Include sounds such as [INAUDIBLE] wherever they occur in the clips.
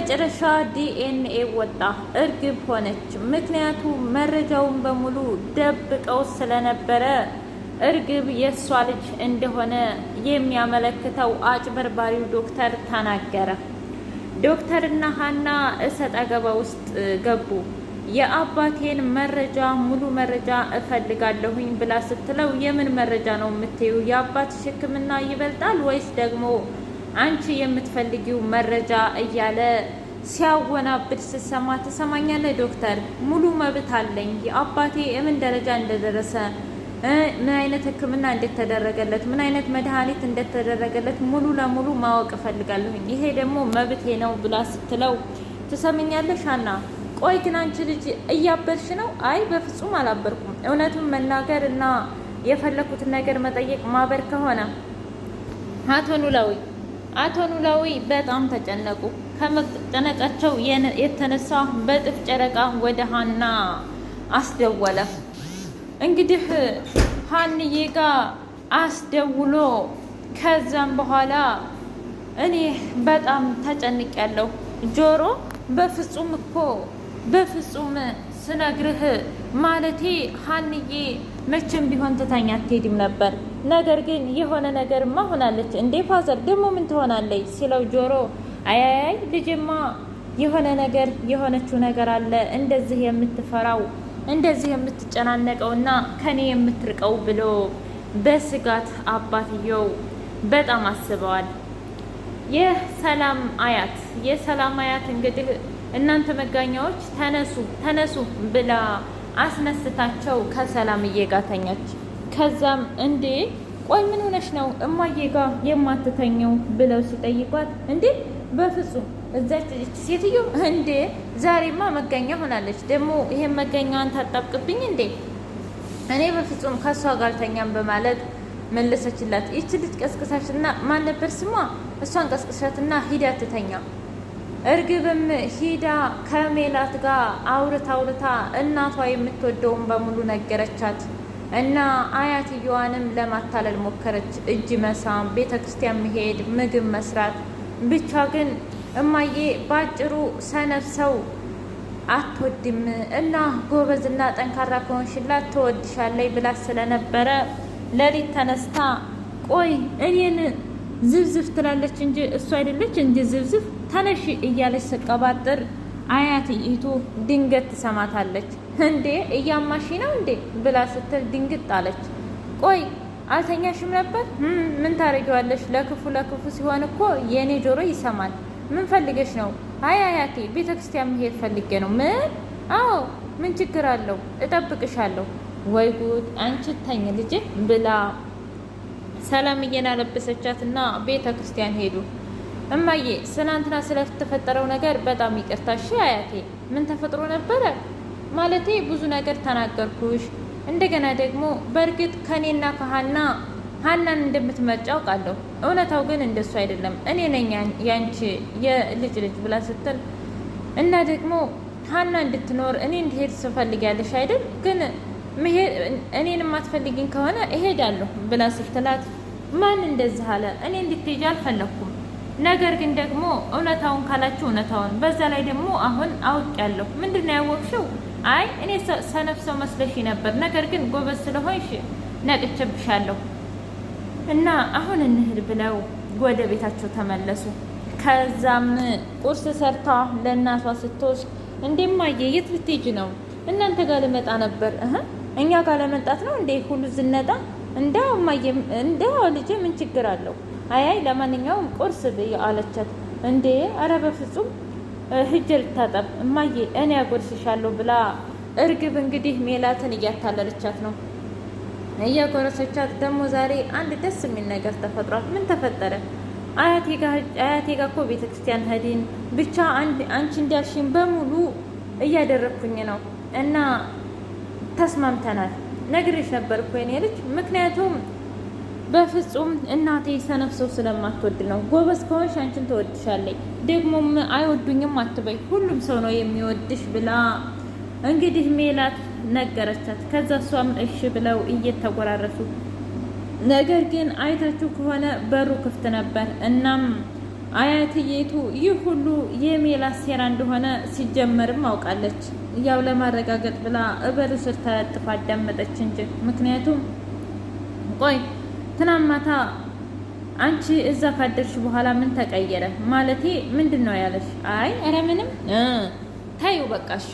በመጨረሻ ዲኤንኤ ወጣ፣ እርግብ ሆነች። ምክንያቱ መረጃውን በሙሉ ደብቀው ስለነበረ እርግብ የእሷ ልጅ እንደሆነ የሚያመለክተው አጭበርባሪው ዶክተር ተናገረ። ዶክተርና ሀና እሰጥ አገባ ውስጥ ገቡ። የአባቴን መረጃ ሙሉ መረጃ እፈልጋለሁኝ ብላ ስትለው የምን መረጃ ነው የምትዩ? የአባትሽ ሕክምና ይበልጣል ወይስ ደግሞ አንቺ የምትፈልጊው መረጃ እያለ ሲያወናብድ ስትሰማ ትሰማኛለህ ዶክተር፣ ሙሉ መብት አለኝ። የአባቴ የምን ደረጃ እንደደረሰ ምን አይነት ህክምና እንደተደረገለት ምን አይነት መድኃኒት እንደተደረገለት ሙሉ ለሙሉ ማወቅ እፈልጋለሁኝ። ይሄ ደግሞ መብቴ ነው ብላ ስትለው ትሰምኛለሽ አና ቆይ ግን አንቺ ልጅ እያበድሽ ነው? አይ በፍጹም አላበርኩም። እውነቱን መናገር እና የፈለኩትን ነገር መጠየቅ ማበር ከሆነ አቶ ኑላዊ አቶ ኖላዊ በጣም ተጨነቁ። ከመጨነቃቸው የተነሳ በጥፍ ጨረቃ ወደ ሀና አስደወለ። እንግዲህ ሀንዬ ጋር አስደውሎ ከዛም በኋላ እኔ በጣም ተጨንቄያለሁ ጆሮ፣ በፍጹም እኮ በፍጹም ስነግርህ ማለቴ ሀንዬ መቼም ቢሆን ትታኝ አትሄድም ነበር። ነገር ግን የሆነ ነገርማ ሆናለች። እንዴ ፋዘር ደግሞ ምን ትሆናለች? ሲለው ጆሮ አያያይ ልጅማ የሆነ ነገር የሆነችው ነገር አለ እንደዚህ የምትፈራው እንደዚህ የምትጨናነቀው እና ከኔ የምትርቀው ብሎ በስጋት አባትየው በጣም አስበዋል። የሰላም አያት የሰላም አያት እንግዲህ እናንተ መጋኛዎች ተነሱ ተነሱ ብላ አስነስታቸው ከሰላምዬ ጋር ተኛች። ከዛም እንዴ ቆይ ምን ሆነሽ ነው እማዬ ጋር የማትተኘው ብለው ሲጠይቋት እንዴ በፍጹም እዛች ሴትዮ እንዴ ዛሬማ መገኛ ሆናለች። ደግሞ ይሄን መገኛዋን ታጣብቅብኝ እንዴ እኔ በፍጹም ከእሷ ጋር አልተኛም በማለት መለሰችላት። ይች ልጅ ቀስቅሳሽና ማን ነበር ስሟ? እሷን ቀስቅሳትና ሂዳ ትተኛ እርግብም ሂዳ ከሜላት ጋር አውርታ አውርታ እናቷ የምትወደውን በሙሉ ነገረቻት እና አያትየዋንም ለማታለል ሞከረች። እጅ መሳም፣ ቤተ ክርስቲያን መሄድ፣ ምግብ መስራት ብቻ ግን እማዬ ባጭሩ ሰነፍ ሰው አትወድም እና ጎበዝና ጠንካራ ከሆንሽላት ትወድሻለይ ብላት ስለነበረ ሌሊት ተነስታ ቆይ እኔን ዝብዝፍ ትላለች እንጂ እሱ አይደለች እንጂ ዝብዝፍ ተነሽ እያለች ስቀባጥር ይቱ ድንገት ትሰማታለች። እንዴ እያማሽ ነው እንዴ ብላ ስትል ድንግጥ አለች። ቆይ አልተኛሽም ነበር? ምን ታረጊዋለሽ? ለክፉ ለክፉ ሲሆን እኮ የእኔ ጆሮ ይሰማል። ምን ፈልገሽ ነው? አይ አያቴ ቤተ ክርስቲያን መሄድ ፈልጌ ነው። ምን? አዎ ምን ችግር አለው? እጠብቅሻለሁ። ወይ ጉድ አንቺ ተኝ ልጄ ብላ ሰላምዬን አለበሰቻት እና ቤተ ክርስቲያን ሄዱ። እማዬ ስናንትና ስለተፈጠረው ነገር በጣም ይቅርታ። አያቴ፣ ምን ተፈጥሮ ነበረ? ማለቴ ብዙ ነገር ተናገርኩሽ። እንደገና ደግሞ በእርግጥ ከእኔና ከሀና ሀናን እንደምትመርጭ አውቃለሁ። እውነታው ግን እንደሱ አይደለም። እኔ ነኝ ያንቺ የልጅ ልጅ ብላ ስትል እና ደግሞ ሀና እንድትኖር እኔ እንድሄድ ያለሽ አይደል? ግን እኔን የማትፈልጊኝ ከሆነ እሄዳለሁ ብላ ስትላት ማን እንደዚህ አለ? እኔ እንድትሄጂ አልፈለኩም ነገር ግን ደግሞ እውነታውን ካላችሁ እውነታውን፣ በዛ ላይ ደግሞ አሁን አውቅ ያለሁ ምንድን ነው ያወቅሽው? አይ እኔ ሰነፍ ሰው መስለሽ ነበር፣ ነገር ግን ጎበዝ ስለሆንሽ ነቅቼብሻለሁ እና አሁን እንሂድ ብለው ወደ ቤታቸው ተመለሱ። ከዛም ቁርስ ሰርታ ለእናቷ ስትወስድ እንደማየ የት ብትሄጂ ነው? እናንተ ጋር ልመጣ ነበር። እኛ ጋር ለመምጣት ነው እንዴ ሁሉ ዝነጣ? እንዳው እማዬ፣ እንዳው ልጄ ምን ችግር አለው? አያይ ለማንኛውም ቁርስ ብዬ አለቻት። እንዴ አረ በፍጹም ሂጅ ልታጠብ እማዬ እኔ አጎርስሻለሁ ብላ እርግብ እንግዲህ ሜላትን እያታለለቻት ነው እያጎረሰቻት ደግሞ ዛሬ አንድ ደስ የሚል ነገር ተፈጥሯል። ምን ተፈጠረ? አያቴ ጋ እኮ ቤተ ክርስቲያን ሄድን። ብቻ አንቺ እንዲያልሽኝ በሙሉ እያደረግኩኝ ነው እና ተስማምተናል። ነግሬሽ ነበር እኮ የኔ ልጅ ምክንያቱም በፍጹም እናቴ ሰነፍ ሰው ስለማትወድ ነው። ጎበዝ ከሆንሽ አንቺን ትወድሻለች። ደግሞም አይወዱኝም አትበይ፣ ሁሉም ሰው ነው የሚወድሽ ብላ እንግዲህ ሜላት ነገረቻት። ከዛ እሷም እሺ ብለው እየተጎራረሱ ነገር ግን አይታችሁ ከሆነ በሩ ክፍት ነበር። እናም አያትዬቱ ይህ ሁሉ የሜላት ሴራ እንደሆነ ሲጀመርም አውቃለች። ያው ለማረጋገጥ ብላ እበሩ ስር ተለጥፋ አዳመጠች እንጂ ምክንያቱም ቆይ ትናንት ማታ አንቺ እዛ ካደርሽ በኋላ ምን ተቀየረ? ማለቴ ምንድን ነው ያለሽ? አይ ኧረ ምንም ታዩ በቃሽ።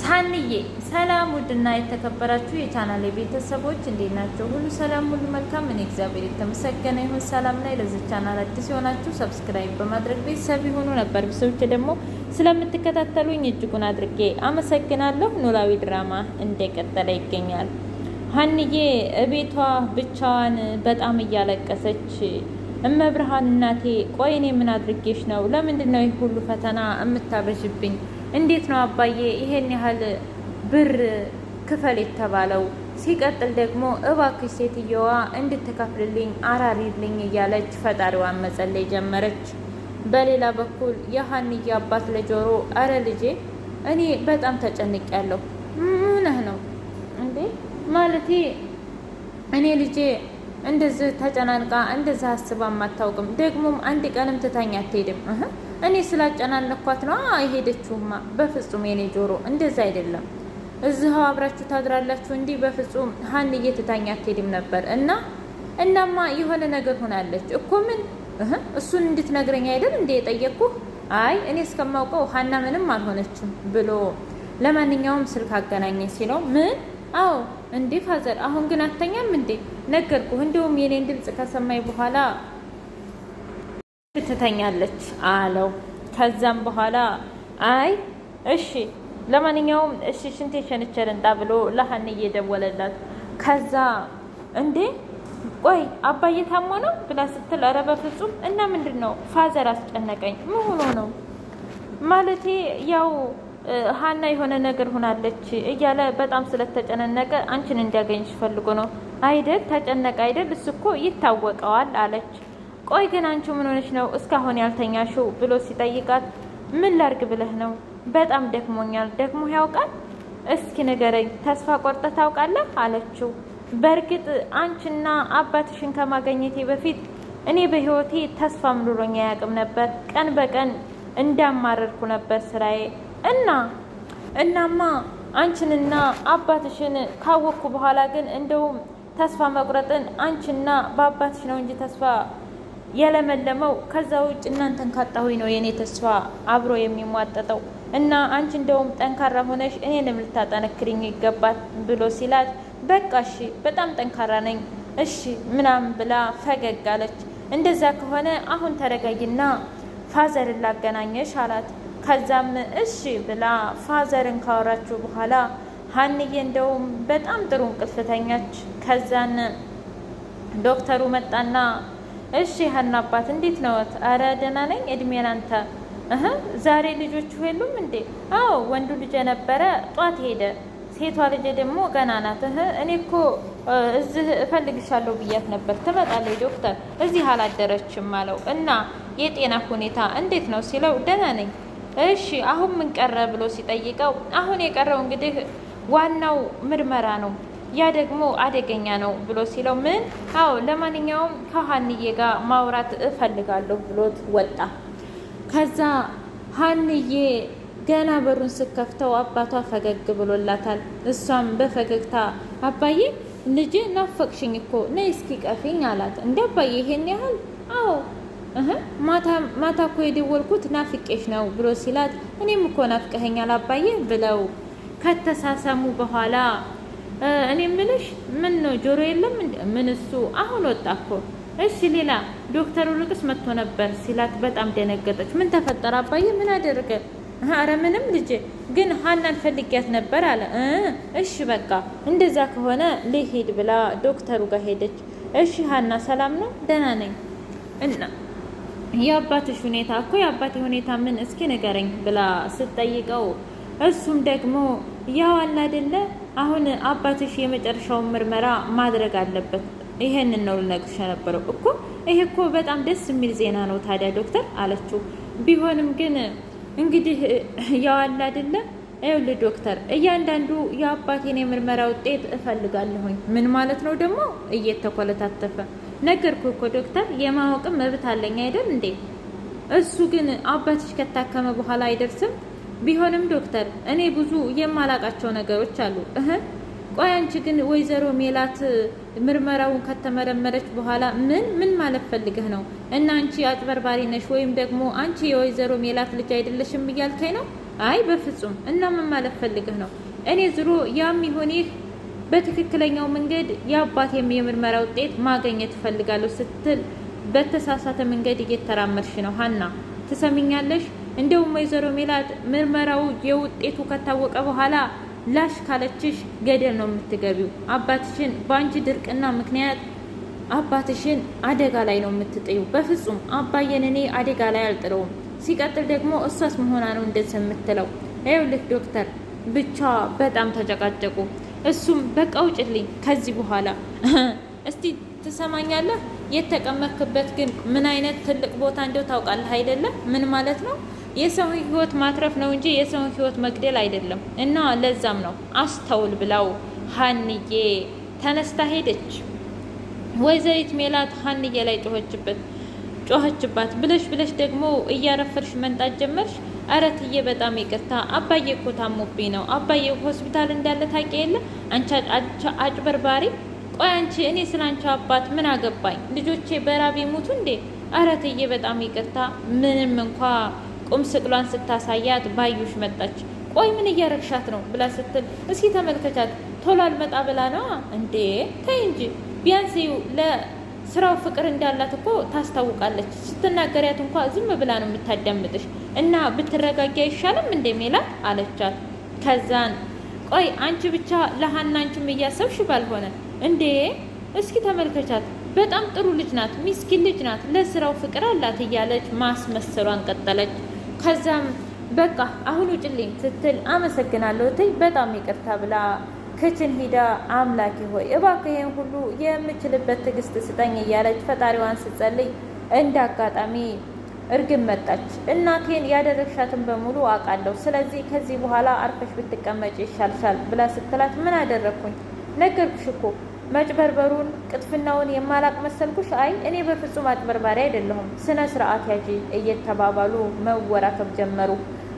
ሳንዬ ሰላም ውድና የተከበራችሁ የቻናል ቤተሰቦች እንዴት ናቸው? ሁሉ ሰላም፣ ሁሉ መልካም። እኔ እግዚአብሔር የተመሰገነ ይሁን ሰላም ላይ። ለዚህ ቻናል አዲስ የሆናችሁ ሰብስክራይብ በማድረግ ቤተሰብ ይሁኑ። ነበር ብሰዎች ደግሞ ስለምትከታተሉኝ እጅጉን አድርጌ አመሰግናለሁ። ኖላዊ ድራማ እንደቀጠለ ይገኛል። ሀንዬ እቤቷ ብቻዋን በጣም እያለቀሰች እመብርሃን እናቴ፣ ቆይ እኔ ምን አድርጌሽ ነው? ለምንድን ነው ይህ ሁሉ ፈተና የምታበዥብኝ? እንዴት ነው አባዬ ይሄን ያህል ብር ክፈል የተባለው? ሲቀጥል ደግሞ እባክሽ ሴትየዋ እንድትከፍልልኝ አራሪልኝ እያለች ፈጣሪዋን መጸለይ ጀመረች። በሌላ በኩል የሀንዬ አባት ለጆሮ አረ ልጄ፣ እኔ በጣም ያለሁ ምነህ ነው እንዴ ማለቴ እኔ ልጄ እንደዚህ ተጨናንቃ እንደዚህ አስባ አታውቅም። ደግሞም አንድ ቀንም ትታኝ አትሄድም። እኔ ስላጨናነኳት ነው የሄደችውማ። በፍጹም የኔ ጆሮ እንደዛ አይደለም። እዚህ አብራችሁ ታድራላችሁ። እንዲህ በፍጹም ሀንዬ ትታኝ አትሄድም ነበር እና እናማ የሆነ ነገር ሆናለች እኮ ምን እሱን እንድትነግረኝ አይደል እንደ የጠየቅኩህ? አይ እኔ እስከማውቀው ሀና ምንም አልሆነችም ብሎ ለማንኛውም ስልክ አገናኘኝ ሲለው ምን አዎ እንዴ ፋዘር፣ አሁን ግን አተኛም እንዴ? ነገርኩህ። እንደውም የኔን ድምፅ ከሰማኝ በኋላ ትተኛለች አለው። ከዛም በኋላ አይ እሺ፣ ለማንኛውም እሺ፣ ሽንቴ ሸንቼ ልንጣ ብሎ ለሀንዬ እየደወለላት ከዛ እንዴ ቆይ አባዬ ታሞ ነው ብላ ስትል፣ ኧረ በፍጹም እና ምንድን ነው ፋዘር አስጨነቀኝ። ምን ሆኖ ነው ማለቴ ያው ሀና የሆነ ነገር ሆናለች እያለ በጣም ስለተጨነነቀ አንቺን እንዲያገኝሽ ፈልጎ ነው አይደል? ተጨነቀ አይደል? እሱ እኮ ይታወቀዋል አለች። ቆይ ግን አንቺ ምን ሆነሽ ነው እስካሁን ያልተኛሽው? ብሎ ሲጠይቃት ምን ላርግ ብለህ ነው? በጣም ደክሞኛል። ደክሞ ያውቃል? እስኪ ንገረኝ፣ ተስፋ ቆርጠ ታውቃለህ? አለችው። በእርግጥ አንቺና አባትሽን ከማገኘቴ በፊት እኔ በህይወቴ ተስፋ ምሩሮኝ አያውቅም ነበር። ቀን በቀን እንዳማረርኩ ነበር ስራዬ እና እናማ አንቺንና አባትሽን ካወቅኩ በኋላ ግን እንደውም ተስፋ መቁረጥን አንቺና በአባትሽ ነው እንጂ ተስፋ የለመለመው ከዛ ውጭ እናንተን ካጣሁኝ ነው የእኔ ተስፋ አብሮ የሚሟጠጠው እና አንቺ እንደውም ጠንካራ ሆነሽ እኔንም ልታጠነክሪኝ ይገባት ብሎ ሲላት፣ በቃ እሺ በጣም ጠንካራ ነኝ እሺ ምናምን ብላ ፈገግ አለች። እንደዛ ከሆነ አሁን ተረጋጊና ፋዘር ላገናኘሽ አላት። ከዛም እሺ ብላ ፋዘርን ካወራችሁ በኋላ ሀንዬ እንደውም በጣም ጥሩ እንቅልፍ ተኛች። ከዛን ዶክተሩ መጣና እሺ ሀና አባት እንዴት ነዎት? አረ ደህና ነኝ። እድሜን አንተ ዛሬ ልጆቹ የሉም እንዴ? አዎ ወንዱ ልጅ ነበረ ጧት ሄደ። ሴቷ ልጅ ደግሞ ገና ናት። እኔ እኮ እዚህ እፈልግሻለሁ ብያት ነበር። ትመጣለች ዶክተር። እዚህ አላደረችም አለው እና የጤና ሁኔታ እንዴት ነው ሲለው ደህና ነኝ እሺ አሁን ምን ቀረ ብሎ ሲጠይቀው አሁን የቀረው እንግዲህ ዋናው ምርመራ ነው፣ ያ ደግሞ አደገኛ ነው ብሎ ሲለው ምን አዎ፣ ለማንኛውም ከሀንዬ ጋር ማውራት እፈልጋለሁ ብሎት ወጣ። ከዛ ሀንዬ ገና በሩን ስከፍተው አባቷ ፈገግ ብሎላታል። እሷም በፈገግታ አባዬ ልጄ ናፈቅሽኝ እኮ ነይ እስኪ ቀፊኝ አላት። እንደ አባዬ ይሄን ያህል አዎ ማታ እኮ የደወልኩት ናፍቄሽ ነው ብሎ ሲላት እኔም እኮ ናፍቀኸኛል አባዬ ብለው ከተሳሰሙ በኋላ እኔ ምልሽ ምን ነው ጆሮ የለም ምን እሱ አሁን ወጣ እኮ እሺ ሌላ ዶክተሩ ልቅስ መጥቶ ነበር ሲላት በጣም ደነገጠች ምን ተፈጠረ አባዬ ምን አደረገ አረ ምንም ልጄ ግን ሀናን ፈልጊያት ነበር አለ እሺ በቃ እንደዛ ከሆነ ልሂድ ብላ ዶክተሩ ጋር ሄደች እሺ ሀና ሰላም ነው ደህና ነኝ እና የአባትሽ ሁኔታ እኮ የአባቴ ሁኔታ ምን እስኪ ንገረኝ ብላ ስትጠይቀው እሱም ደግሞ ያው አለ አይደለ አሁን አባትሽ የመጨረሻውን ምርመራ ማድረግ አለበት። ይሄንን ነው ልነግርሽ የነበረው እኮ ይሄ እኮ በጣም ደስ የሚል ዜና ነው። ታዲያ ዶክተር አለችው። ቢሆንም ግን እንግዲህ ያው አለ አይደለ ይኸውልህ ዶክተር እያንዳንዱ የአባቴን የምርመራ ውጤት እፈልጋለሁኝ። ምን ማለት ነው ደግሞ እየተኮለታተፈ ነገርኩ እኮ ዶክተር፣ የማወቅም መብት አለኝ አይደል እንዴ? እሱ ግን አባትሽ ከታከመ በኋላ አይደርስም። ቢሆንም ዶክተር፣ እኔ ብዙ የማላቃቸው ነገሮች አሉ። እህ ቆይ፣ አንቺ ግን ወይዘሮ ሜላት ምርመራውን ከተመረመረች በኋላ ምን ምን ማለት ፈልገህ ነው? እና አንቺ አጭበርባሪ ነሽ ወይም ደግሞ አንቺ የወይዘሮ ሜላት ልጅ አይደለሽም እያልከኝ ነው? አይ በፍጹም። እና ምን ማለት ፈልገህ ነው? እኔ ዝሮ ያም ይሆን ይህ በትክክለኛው መንገድ የአባቴም የምርመራ ውጤት ማገኘት እፈልጋለሁ ስትል በተሳሳተ መንገድ እየተራመድሽ ነው ሀና፣ ትሰሚኛለሽ? እንደውም ወይዘሮ ሜላት ምርመራው የውጤቱ ከታወቀ በኋላ ላሽ ካለችሽ ገደል ነው የምትገቢው። አባትሽን በአንቺ ድርቅና ምክንያት አባትሽን አደጋ ላይ ነው የምትጥዩ። በፍጹም አባዬን እኔ አደጋ ላይ አልጥለውም። ሲቀጥል ደግሞ እሷስ መሆኗ ነው እንደዚህ የምትለው። ይኸውልህ ዶክተር ብቻ በጣም ተጨቃጨቁ። እሱም በቃ ውጭልኝ ከዚህ በኋላ [LAUGHS] እስቲ ትሰማኛለህ። የተቀመክበት ግን ምን አይነት ትልቅ ቦታ እንደው ታውቃለህ አይደለም? ምን ማለት ነው? የሰው ህይወት ማትረፍ ነው እንጂ የሰው ህይወት መግደል አይደለም። እና ለዛም ነው አስተውል ብላው ሀንዬ ተነስታ ሄደች። ወይዘሪት ሜላት ሀንዬ ላይ ጮኸችበት ጮኸችባት። ብለሽ ብለሽ ደግሞ እያረፈርሽ መንጣት ጀመርሽ ኧረ እትዬ በጣም ይቅርታ አባዬ እኮ ታሞብኝ ነው። አባዬ ሆስፒታል እንዳለ ታውቂ የለ አንቺ አጭበርባሪ። ቆይ አንቺ እኔ ስለ አንቺ አባት ምን አገባኝ? ልጆቼ በራብ ይሙቱ እንዴ? ኧረ እትዬ በጣም ይቅርታ። ምንም እንኳ ቁም ስቅሏን ስታሳያት ባዩሽ መጣች። ቆይ ምን እያረግሻት ነው ብላ ስትል እስኪ ተመልከቻት፣ ቶሎ አልመጣ ብላ ነዋ እንዴ። ተይ እንጂ ቢያንስ ለስራው ፍቅር እንዳላት እኮ ታስታውቃለች። ስትናገሪያት እንኳ ዝም ብላ ነው የምታዳምጥሽ። እና ብትረጋጊ አይሻልም እንደ ሜላት አለቻት። ከዛን ቆይ አንቺ ብቻ ለሀና አንቺም እያሰብሽ ባልሆነ እንዴ እስኪ ተመልከቻት በጣም ጥሩ ልጅ ናት፣ ሚስኪን ልጅ ናት፣ ለስራው ፍቅር አላት እያለች ማስመሰሏን ቀጠለች። ከዛም በቃ አሁን ውጭልኝ ስትል አመሰግናለሁ እትይ በጣም ይቅርታ ብላ ክችን ሂዳ አምላኬ ሆይ እባክህ ይህን ሁሉ የምችልበት ትዕግስት ስጠኝ እያለች ፈጣሪዋን ስትጸልይ እንደ አጋጣሚ እርግብ መጣች። እናቴን ያደረግሻትን በሙሉ አውቃለሁ። ስለዚህ ከዚህ በኋላ አርፈሽ ብትቀመጭ ይሻልሻል ብላ ስትላት ምን አደረግኩኝ? ነገርኩሽ እኮ መጭበርበሩን ቅጥፍናውን የማላቅ መሰልኩሽ? አይ እኔ በፍጹም አጭበርባሪ አይደለሁም፣ ስነ ስርዓት ያጂ እየተባባሉ መወራከብ ጀመሩ።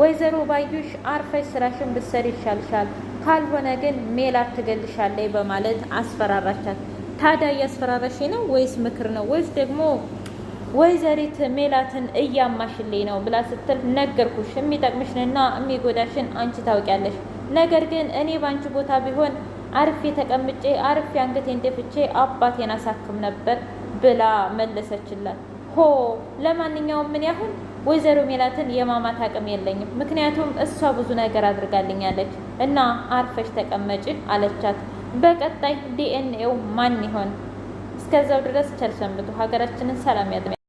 ወይዘሮ ባዩሽ አርፈሽ ስራሽን ብትሰሪ ይሻልሻል፣ ካልሆነ ግን ሜላት ትገልሻለች በማለት አስፈራራቻት። ታዲያ እያስፈራራሽ ነው ወይስ ምክር ነው ወይስ ደግሞ ወይዘሪት ሜላትን እያማሽልኝ ነው ብላ ስትል ነገርኩሽ፣ የሚጠቅምሽንና የሚጎዳሽን አንቺ ታውቂያለሽ። ነገር ግን እኔ በአንቺ ቦታ ቢሆን አርፌ ተቀምጬ አርፌ አንገቴ እንደፍቼ አባቴን አሳክም ነበር ብላ መለሰችላት። ሆ ለማንኛውም ምን ያሁን ወይዘሮ ሜላትን የማማት አቅም የለኝም፣ ምክንያቱም እሷ ብዙ ነገር አድርጋልኛለች እና አርፈሽ ተቀመጭ አለቻት። በቀጣይ ዲኤንኤው ማን ይሆን? እስከዛው ድረስ ቸር ሰንብቱ። ሀገራችንን ሰላም ያድርግ።